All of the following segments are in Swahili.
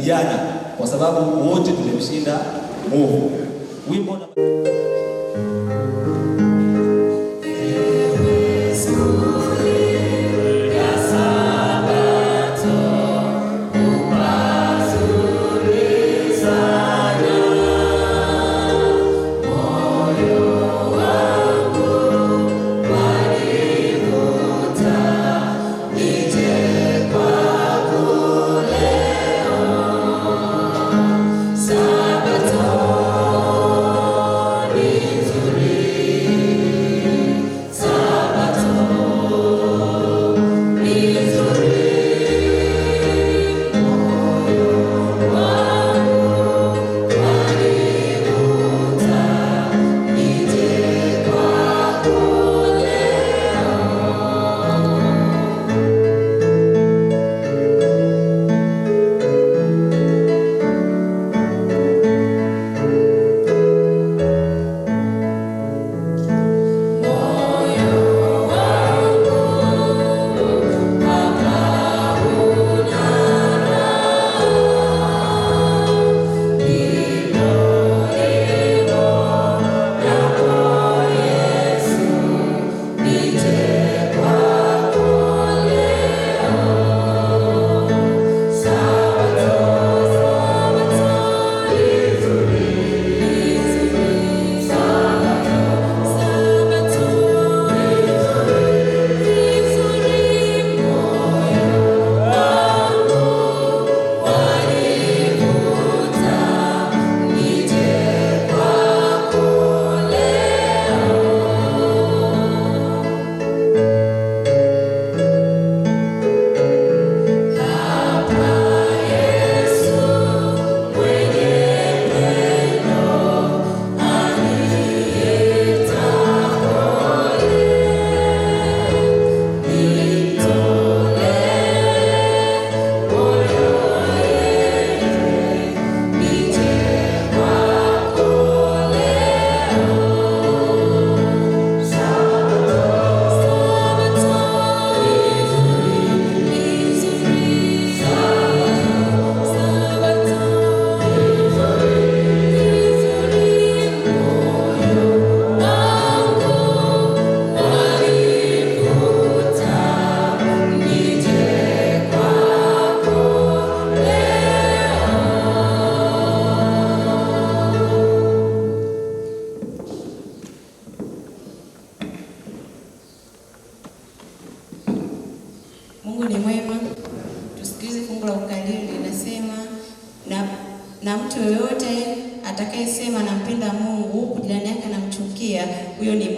vijana, kwa sababu wote tulimshinda mwovu. Wimbo na...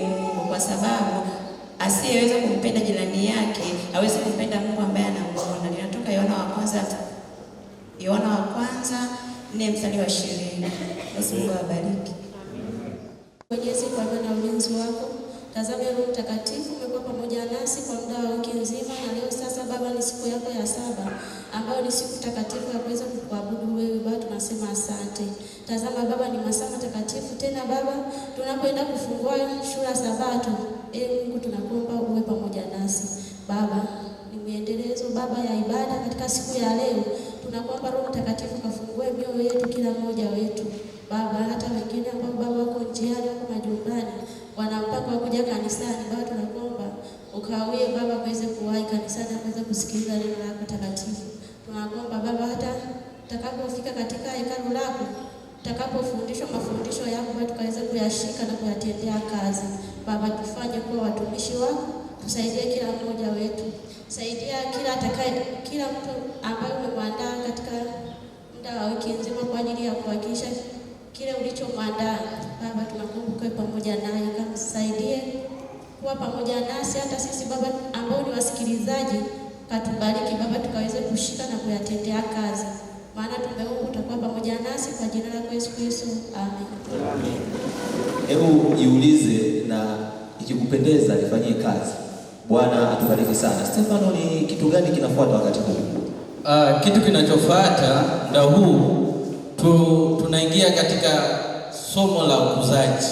Mungu, kwa sababu asiyeweza kumpenda jirani yake hawezi kumpenda Mungu ambaye anamuona. Linatoka Yohana wa kwanza, Yohana wa kwanza nne mstari wa ishirini. Basi Mungu awabariki. Mwenyezi, kwa maana ulinzi wako Tazama Roho Mtakatifu umekuwa pamoja nasi kwa muda wa wiki nzima, na leo sasa, Baba, ni siku yako ya saba ambayo ni siku takatifu ya kuweza kukuabudu wewe. Baba, tunasema asante. Tazama Baba, ni masaa matakatifu tena Baba, tunapoenda kufungua shura Sabato. Ee Mungu, tunakuomba uwe pamoja nasi Baba, ni miendelezo Baba ya ibada katika siku ya leo. Tunakuomba Roho Mtakatifu kafungue mioyo yetu, kila mmoja wetu Baba, hata wengine ambao Baba wako njiani, wako majumbani, wana mpaka wa kuja kanisani Baba, tunakuomba ukawie Baba, uweze kuwahi kanisani, aweze kusikiliza neno lako takatifu. Tunaomba Baba, hata tutakapofika katika hekalu lako, tutakapofundishwa mafundisho yako, tukaweza kuyashika na kuyatendea kazi. Baba, tufanye kuwa watumishi wako, tusaidie kila mmoja wetu, saidia kila atakaye, kila mtu ambaye umemwandaa katika muda wa wiki nzima kwa ajili ya kuhakikisha kile ulichomwandaa. Baba, tunakumbuka pamoja naye, kamsaidie kuwa pamoja nasi, hata sisi Baba ambao ni wasikilizaji Katubariki Baba, tukaweze kushika na kuyatendea kazi, maana tumeomba utakuwa pamoja nasi, kwa jina lako Yesu Kristo, amen. Hebu jiulize na ikikupendeza ifanyie kazi. Bwana atubariki sana. Stefano, ni kitu gani kinafuata wakati huu? Uh, kitu kinachofuata nda huu tu, tunaingia katika somo la ukuzaji,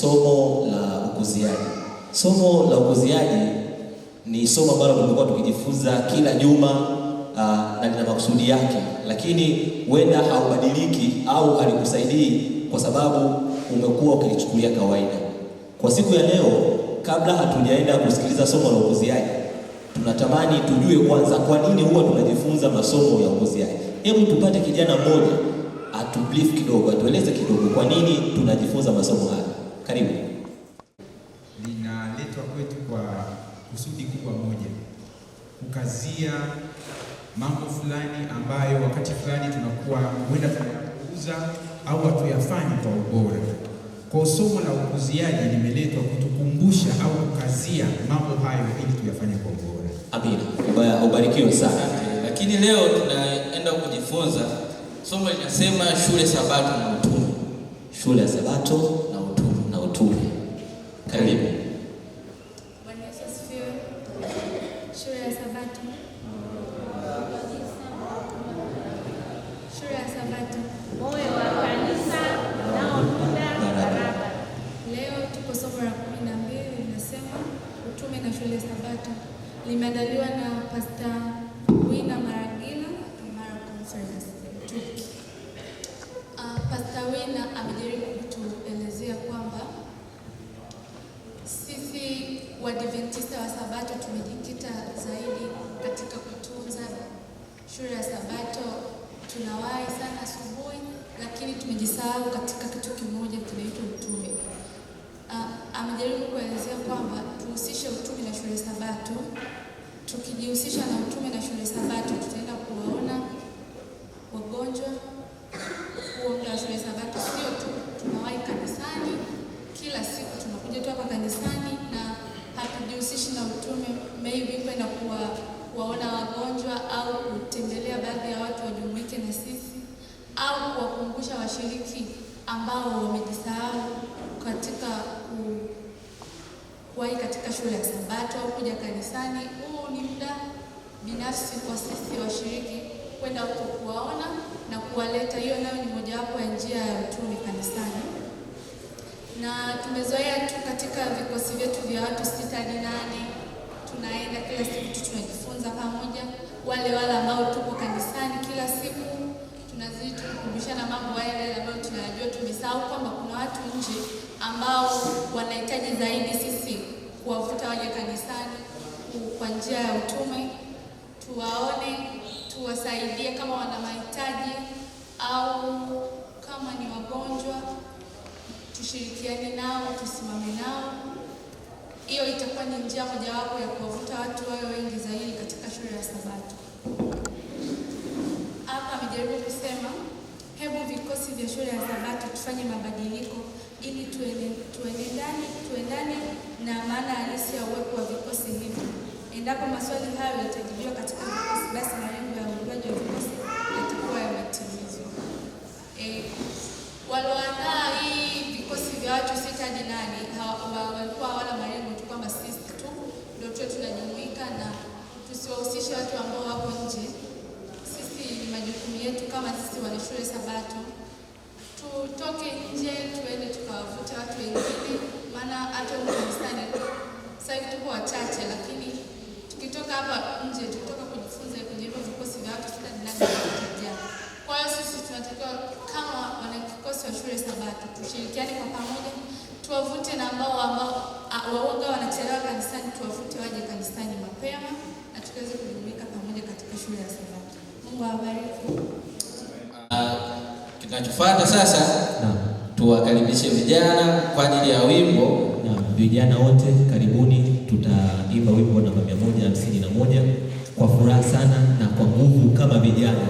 somo la ukuziaji, somo la ukuziaji ni somo ambalo tumekuwa tukijifunza kila juma ah, na lina makusudi yake, lakini huenda haubadiliki au halikusaidii kwa sababu umekuwa ukilichukulia kawaida. Kwa siku ya leo, kabla hatujaenda kusikiliza somo la uokoziaji, tunatamani tujue kwanza kwa nini huwa tunajifunza masomo ya uokoziaji. Hebu tupate kijana mmoja atubrief kidogo, atueleze kidogo kwa nini tunajifunza masomo haya. Karibu. Linaletwa kwetu kwa kusudi kubwa moja, kukazia mambo fulani ambayo wakati fulani tunakuwa huenda tunayapuuza au hatuyafanyi kwa ubora. Kwa somo la ukuziaji limeletwa kutukumbusha au kukazia mambo hayo ili tuyafanye kwa ubora. Amina, ubarikiwe sana. Lakini leo tunaenda kujifunza somo linasema shule Sabato na utume, shule ya Sabato na utume na utume. Karibu. washiriki ambao wamejisahau katika kuwahi katika shule ya Sabato au kuja kanisani. Huu ni muda binafsi kwa sisi washiriki kwenda huko kuwaona na kuwaleta. Hiyo nayo ni mojawapo ya njia ya utume kanisani, na tumezoea tu katika vikosi vyetu vya watu sita hadi nane tunaenda kila siku tu tunajifunza pamoja. Wale wale ambao tuko kanisani kila siku kukumbushana mambo yale ambayo tunayajua. Tumesahau kwamba kuna watu nje ambao wanahitaji zaidi sisi kuwavuta waje kanisani kwa njia ya utume, tuwaone, tuwasaidie kama wana mahitaji au kama ni wagonjwa, tushirikiane nao, tusimame nao. Hiyo itakuwa ni njia mojawapo ya kuwavuta watu wayo wengi zaidi katika shule ya Sabato. vikosi vya shule ya Sabato tufanye mabadiliko ili tuendane tuendane na maana halisi ya uwepo wa vikosi hivi. Endapo maswali hayo yatajibiwa katika vikosi, basi malengo ya uundwaji wa vikosi yatakuwa yametimizwa. E, walioandaa hii vikosi vya watu sita hadi nane walikuwa hawana malengo tu kwamba sisi tu ndio tuwe tunajumuika na tusiwahusishe watu ambao wako nje. Sisi ni majukumu yetu kama sisi wana shule Sabato tutoke nje tuende tukawavuta watu wengine, maana hata kanisani sasa hivi tuko wachache, lakini tukitoka hapa nje, tukitoka kujifunza kwenye hivyo vikosi vya watu sitadinatajaa. Kwa hiyo sisi tunatakiwa kama wanakikosi wa shule Sabato tushirikiane kwa pamoja, tuwavute na ambao ambao waoga wanachelewa kanisani, tuwavute waje kanisani mapema na tukiweze kujumuika pamoja katika shule ya Sabato. Mungu awabariki. Ah, Kinachofuata sasa tuwakaribishe vijana kwa ajili ya wimbo. vijana wote karibuni, tutaimba wimbo namba 151 na kwa furaha sana na kwa nguvu kama vijana.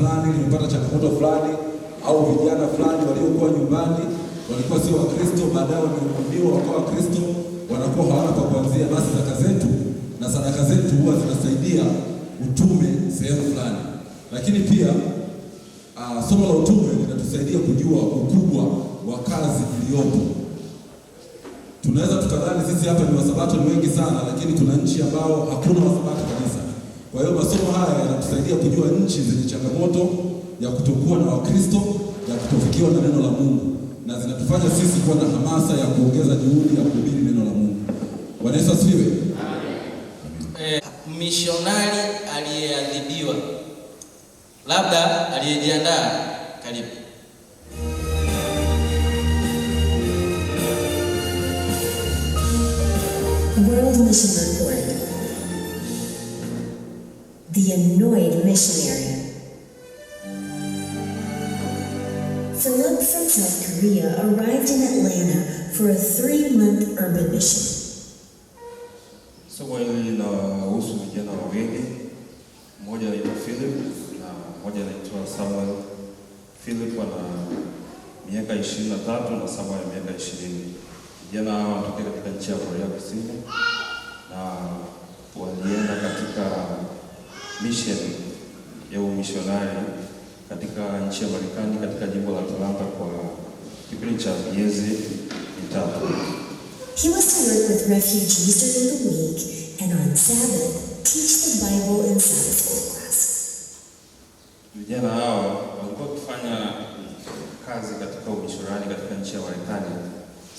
fulani limepata changamoto fulani, au vijana fulani waliokuwa nyumbani walikuwa sio Wakristo, baadaye wameumbiwa wakawa Wakristo, wanakuwa hawana pa kuanzia. Basi sadaka zetu na sadaka zetu huwa zinasaidia utume sehemu fulani, lakini pia uh, somo la utume linatusaidia kujua ukubwa wa kazi iliyopo. Tunaweza tukadhani sisi hapa ni wasabato ni wengi sana, lakini tuna nchi ambao hakuna wasabato kwa hiyo masomo haya yanatusaidia kujua nchi zenye changamoto ya kutokuwa na Wakristo, ya kutofikiwa na neno la Mungu, na zinatufanya sisi kuwa na hamasa ya kuongeza juhudi ya kuhubiri neno la Mungu. Bwana Yesu asifiwe. Eh, mishonari aliyeadhibiwa, labda aliyejiandaa, karibu the annoyed missionary. Philip from South Korea arrived in Atlanta for a three month urban mission. Somewhere na wahusu vijana wawili, mmoja anaitwa Philip na mmoja anaitwa Samuel. Philip ana miaka 23 na Samuel miaka 20. Vijana hawa wanatoka katika nchi ya Korea Kusini. mission ya umishonari katika nchi ya Marekani katika jimbo la Atlanta kwa kipindi cha miezi mitatu. He was to work with refugees during the week and on Sabbath teach the Bible in Sabbath school class. Vijana hao walikuwa wakifanya kazi katika umishonari katika nchi ya Marekani.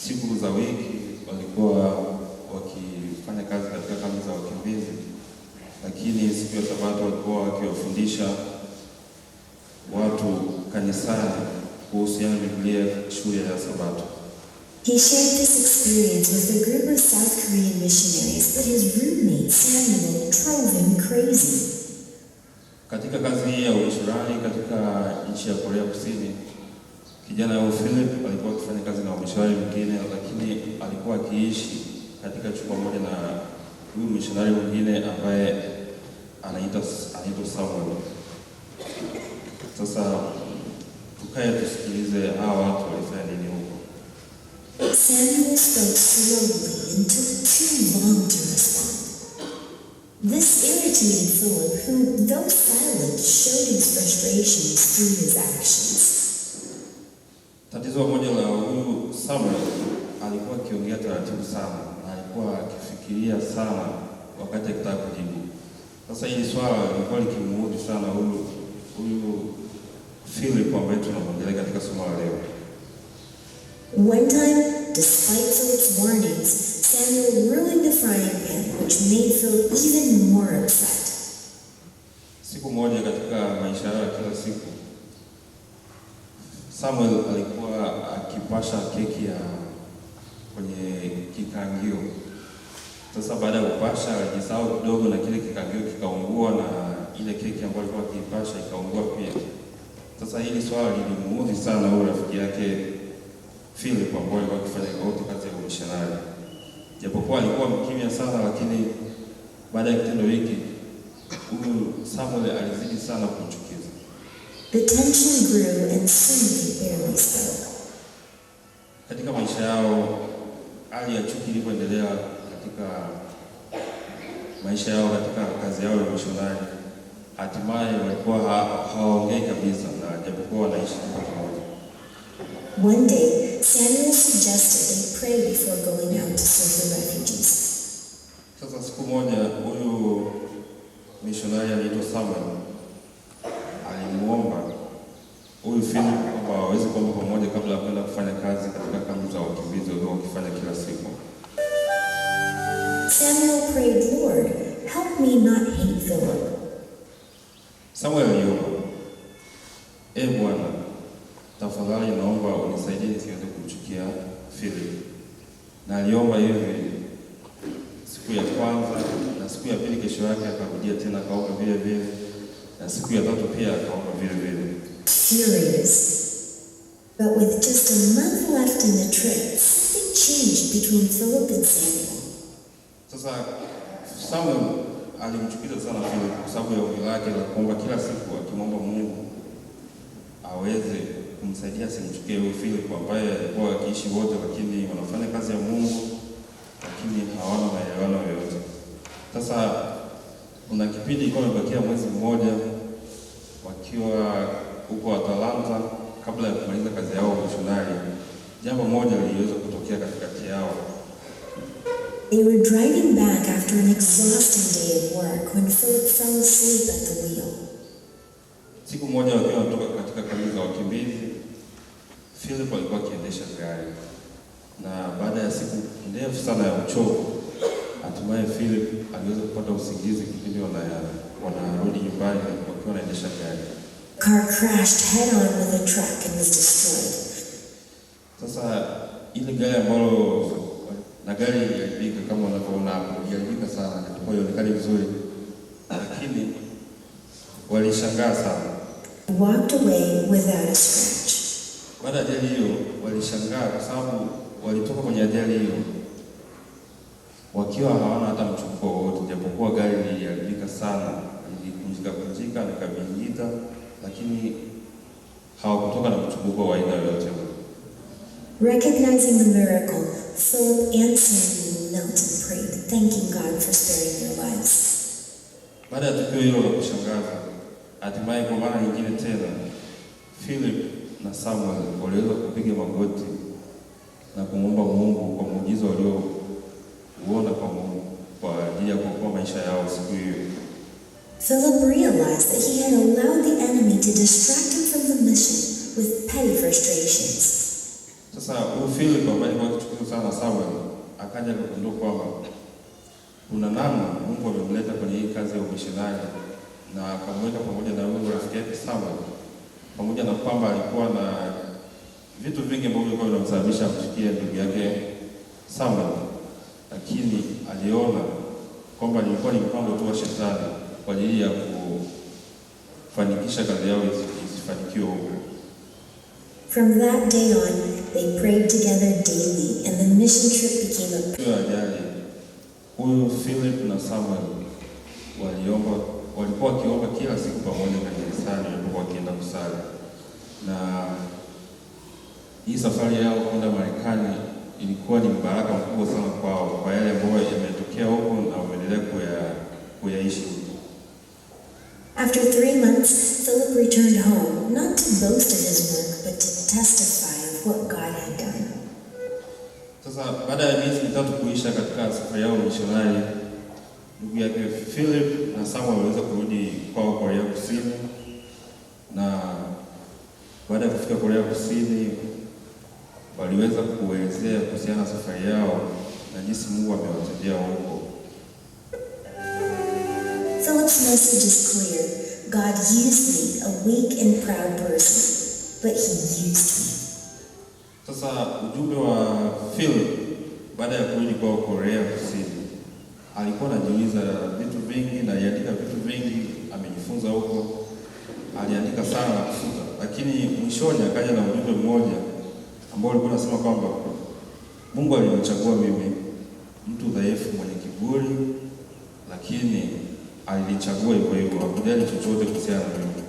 Siku za wiki walikuwa wakifanya kazi katika kambi za wakimbizi lakini siku ya Sabato walikuwa wakiwafundisha watu kanisani kuhusiana na Biblia shule ya Sabato. He shared this experience with a group of South Korean missionaries, but his roommate Samuel drove him crazy. Katika kazi hii ya uishirani katika nchi ya Korea Kusini, kijana wa Philip alikuwa akifanya kazi na wamishonari mwingine, lakini alikuwa akiishi katika chumba moja na huyu mishonari mwingine ambaye anaitwa Samuel. Sasa tukae tusikilize hawa watu walifanya nini huko. This irritated Philip, who, though silent, showed his frustrations through his actions. Tatizo moja la huyu Samuel alikuwa akiongea taratibu sana na alikuwa akifikiria sana wakati akitaka kujibu sasa hili swala limekuwa likimuudhi sana huyu huyu Philip ambaye tunamwangalia katika somo la leo. One time, despite Philip's warnings, Samuel ruined the frying pan which made Philip even more upset. Siku moja katika maisha yao ya kila siku, Samuel alikuwa akipasha keki ya kwenye kikangio sasa baada ya kupasha alijisahau kidogo, na kile kikagio kikaungua, na ile keki ambayo alikuwa akiipasha ikaungua pia. Sasa hili swala lilimuudhi sana huyo rafiki yake Philip, ambaye alikuwa akifanya kazi ya umishanari, japokuwa alikuwa mkimya sana, lakini baada ya kitendo hiki huyu Samuel alizidi sana kumchukiza. The tension grew and Katika maisha yao hali ya chuki ilipoendelea katika maisha yao, katika kazi yao ya mishonari, hatimaye walikuwa hawaongei kabisa, na japokuwa wanaishi kwa pamoja. One day Samuel suggested they pray before going out to serve the refugees. Sasa siku moja huyu mishonari anaitwa Samuel alimuomba huyu Filipo kwamba waweze kuomba pamoja kabla ya kwenda kufanya kazi katika kambi za wakimbizi walio wakifanya kila siku. Samuel prayed, Lord, help me not hate Philip. Samuel aliomba, E eh, Bwana, tafadhali naomba unisaidie nisiweze kumchukia Philip. Na aliomba hivi siku ya kwanza na siku ya pili, kesho yake akarudia tena akaomba vile vile, na siku ya tatu pia akaomba vile vile. Furious. But with just a month left in the trip, something changed between Philip and Samuel. Sasa Samuel alimchukiza sana kwa sababu ya ombi lake la kuomba kila siku akimwomba Mungu aweze kumsaidia asimchukie huyo Philip ambaye alikuwa akiishi wote, lakini wanafanya kazi ya Mungu lakini hawana maelewano yoyote. Sasa kuna kipindi ilikuwa imebakia mwezi mmoja wakiwa huko Atalanta kabla ya kumaliza kazi yao mishonari, jambo moja liliweza kutokea katikati yao They were driving back after an exhausting day of work when Philip fell asleep at the wheel. Siku moja wakiwa wanatoka katika kambi za wakimbizi, Philip alikuwa akiendesha gari na baada ya siku ndefu sana ya uchovu, hatimaye Philip aliweza kupata usingizi kipindi wanarudi nyumbani wakiwa wanaendesha gari. Car crashed head on with a truck and was destroyed. Sasa ile gari ambalo na gari iliharibika kama unavyoona hapo, iliharibika sana, ilikuwa haionekani vizuri, lakini walishangaa sana. Walked away without a scratch. Baada ya ajali hiyo walishangaa kwa sababu walitoka kwenye ajali hiyo wakiwa hawana hata mchuko wowote, japokuwa gari liliharibika sana, lilikunjika kunjika likabingita, lakini hawakutoka na mchubuko wa aina yoyote. Recognizing the miracle Philip and Sandy knelt and prayed, thanking God for sparing their lives. Baada ya tukio hilo la kushangaza, hatimaye kwa mara nyingine tena, Philip na Samuel waliweza kupiga magoti na kumwomba Mungu kwa muujiza waliouona kwa Mungu kwa ajili ya kuokoa maisha yao siku hiyo. Philip realized that he had allowed the enemy to distract him from the mission with petty frustrations. Sasa huyu Philip ambaye sana Samuel akaja kugundua kwamba kuna namna Mungu amemleta kwenye hii kazi ya umishonari na akamweka pamoja na huyu rafiki yake Samuel, pamoja na kwamba alikuwa na vitu vingi ambavyo vilikuwa vinamsababisha kufikia ndugu yake Samuel, lakini aliona kwamba nilikuwa ni mpango tu wa shetani kwa ajili ya kufanikisha kazi yao isifanikiwe huko. From that day on They prayed together daily and the mission trip became a... huyu Philip na Samuel waliomba, walikuwa wakiomba kila siku pamoja kanisani walipokuwa wakienda kusali, na hii safari yao kwenda Marekani ilikuwa ni mbaraka mkubwa sana kwao kwa yale ambayo yametokea huko na wameendelea kuyaishi. After three months, Philip returned home, not to boast of his work, but to testify what God had done. Sasa baada ya miezi mitatu kuisha katika safari yao mishonari, ndugu yake Philip na Samuel waliweza kurudi kwao Korea Kusini, na baada ya kufika Korea Kusini waliweza kuelezea kuhusiana na safari yao na jinsi Mungu amewatendea huko. Philip's message is clear. God used me, a weak and proud person, but he used me. Sasa ujumbe wa Phil baada ya kurudi kwao Korea Kusini, alikuwa anajiuliza vitu vingi na aliandika vitu vingi amejifunza huko, aliandika sana na kufuta, lakini mwishoni akaja na ujumbe mmoja ambao alikuwa anasema kwamba Mungu alimchagua mimi mtu dhaifu mwenye kiburi, lakini alinichagua hivyo hivyo, hakujali chochote kuhusiana na mimi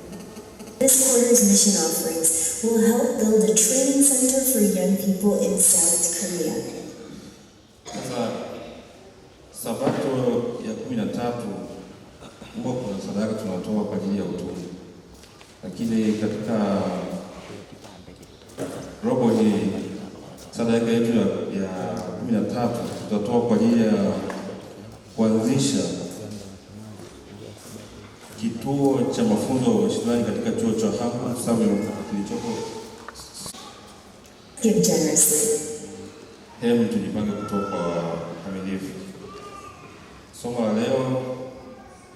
who helped build a training center for young people in South Korea. Sabato ya kumi na tatu huwa kuna sadaka tunatoa kwa ajili ya utume, lakini katika robo hii sadaka yetu ya kumi na tatu tutatoa kwa ajili ya kuanzisha Kituo cha mafunzo ya ushindani katika chuo cha hapa Samuel kilichoko hem, tujipange kutoka kwa kamilifu. Somo la leo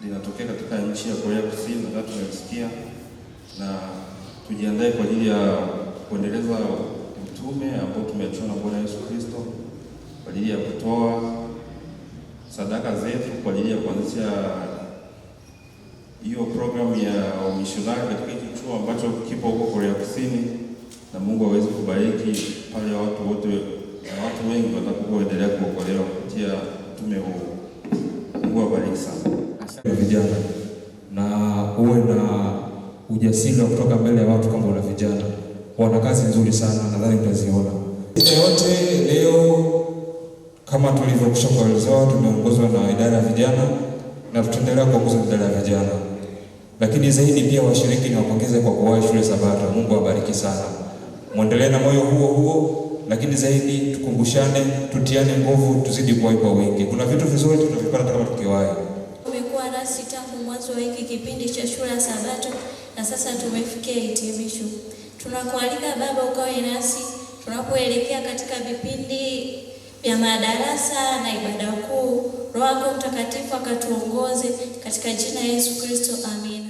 linatokea katika nchi ya Korea Kusini, nadhani tunasikia, na tujiandae kwa ajili ya kuendeleza utume ambao tumeachiwa na Bwana Yesu Kristo kwa ajili ya kutoa sadaka zetu kwa ajili ya kuanzisha hiyo program ya umishonari katika kituo ambacho kipo huko Korea Kusini, na Mungu aweze kubariki pale watu wote, watu wengi watakapoendelea kuokolewa kupitia mtume huu. Mungu awabariki sana. Asante vijana, na uwe na ujasiri wa kutoka mbele ya watu kama una vijana, wana kazi nzuri sana, nadhani mtaziona yote leo. Kama tulivyokusha kuelezewa, tumeongozwa na idara ya vijana na tutaendelea kuongoza idara ya vijana. Lakini zaidi pia washiriki niwapongeze kwa kuwahi shule Sabato. Mungu awabariki sana, mwendelee na moyo huo huo, lakini zaidi tukumbushane, tutiane nguvu, tuzidi kuwahi kwa wingi. Kuna vitu vizuri tunavipata kama tukiwahi. Umekuwa nasi tangu mwanzo wa hiki kipindi cha shule ya Sabato na sasa tumefikia hitimisho. Tunakualika Baba ukawe nasi tunapoelekea katika vipindi vya madarasa na ibada kuu. Roho yako Mtakatifu akatuongoze katika jina Yesu Kristo, amina.